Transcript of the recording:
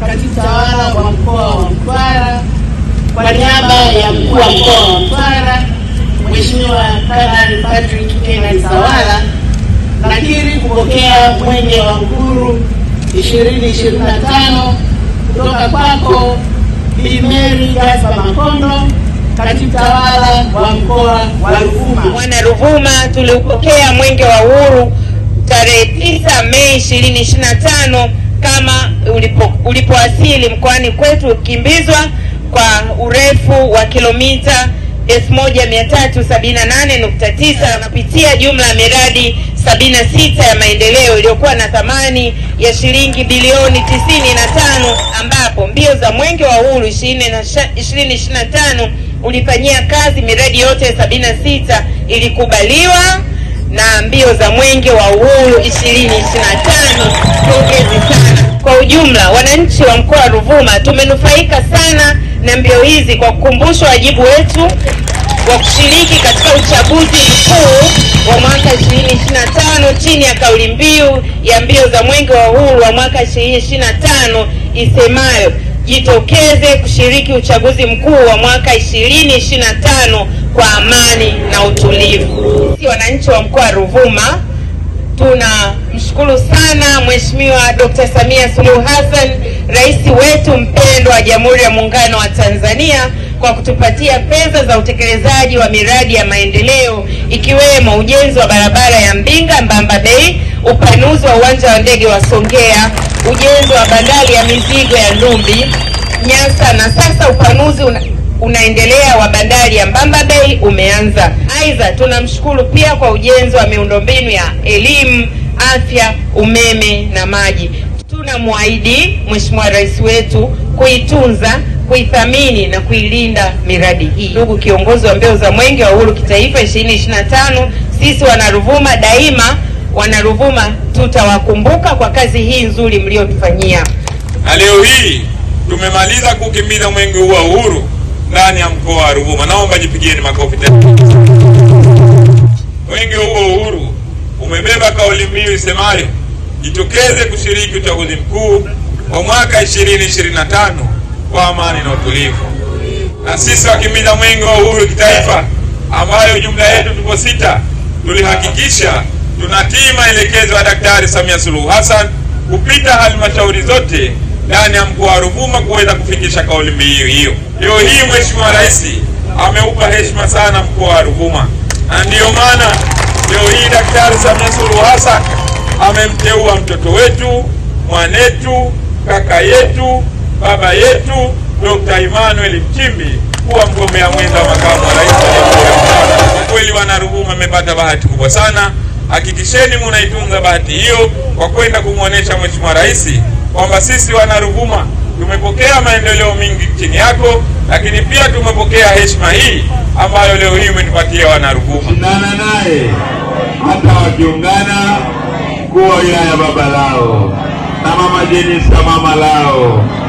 katibu tawala wa mkoa wa Mtwara, kwa niaba ya mkuu wa mkoa wa Mtwara Mheshimiwa Kanali Patrick Kenneth Sawala, nakiri kupokea mwenge wa uhuru 2025 kutoka kwako Bi Mary Gaspar Makondo, katibu tawala wa mkoa wa Ruvuma. Mwana Ruvuma, tuliupokea mwenge wa uhuru tarehe 9 Mei 2025 kama ulipo ulipoasili mkoani kwetu ukimbizwa kwa urefu wa kilomita 1378.9 na kupitia jumla ya miradi 76 ya maendeleo iliyokuwa na thamani ya shilingi bilioni 95, ambapo mbio za Mwenge wa Uhuru 2025 ulifanyia kazi miradi yote 76 ilikubaliwa, na mbio za Mwenge wa Uhuru 2025 pongezi sana ujumla, wananchi wa mkoa wa Ruvuma tumenufaika sana na mbio hizi kwa kukumbusha wajibu wetu wa kushiriki katika uchaguzi mkuu wa mwaka 2025 chini ya kauli mbiu ya mbio za Mwenge wa Uhuru wa mwaka 2025 isemayo jitokeze kushiriki uchaguzi mkuu wa mwaka 2025 kwa amani na utulivu. Sisi wananchi wa mkoa wa Ruvuma tuna kumshukuru sana Mheshimiwa Dr. Samia Suluhu Hassan, rais wetu mpendwa wa Jamhuri ya Muungano wa Tanzania kwa kutupatia pesa za utekelezaji wa miradi ya maendeleo ikiwemo ujenzi wa barabara ya Mbinga Mbamba Bay, upanuzi wa uwanja wa ndege wa Songea, ujenzi wa bandari ya mizigo ya Ndumbi Nyasa, na sasa upanuzi una unaendelea wa bandari ya Mbamba Bay umeanza. Aidha, tunamshukuru pia kwa ujenzi wa miundombinu ya elimu afya, umeme na maji. Tunamwahidi Mheshimiwa Rais wetu kuitunza, kuithamini na kuilinda miradi hii. Ndugu kiongozi wa mbio za Mwenge wa Uhuru Kitaifa 2025, sisi wanaruvuma daima, wanaruvuma tutawakumbuka kwa kazi hii nzuri mliyotufanyia. Na leo hii tumemaliza kukimbiza mwenge huu wa uhuru ndani ya mkoa wa Ruvuma. Naomba jipigieni makofi tena. Mwenge huu wa uhuru Tumaini Semare jitokeze kushiriki uchaguzi mkuu wa mwaka 2025 kwa amani na utulivu. Na sisi wakimbiza mwenge wa uhuru kitaifa, ambayo jumla yetu tupo sita, tulihakikisha tunatii maelekezo ya Daktari Samia Suluhu Hassan kupita halmashauri zote ndani ya mkoa wa Ruvuma kuweza kufikisha kauli mbiu hiyo. Leo hii Mheshimiwa Rais ameupa heshima sana mkoa wa Ruvuma, na ndiyo maana Leo hii Daktari Samia Suluhu Hassan amemteua mtoto wetu, mwanetu, kaka yetu, baba yetu Dr. Emmanuel Nchimbi kuwa mgombea mwenza makamu wa rais wa Jamhuri ya Muungano. kweli, wana Ruvuma amepata bahati kubwa sana. Hakikisheni munaitunga bahati hiyo kwa kwenda kumwonyesha Mheshimiwa Rais kwamba sisi wana Ruvuma tumepokea maendeleo mengi chini yako, lakini pia tumepokea heshima hii ambayo leo hii umenipatia wana Ruvuma hata wakiungana kuwa wilaya baba lao na mama Jenista mama lao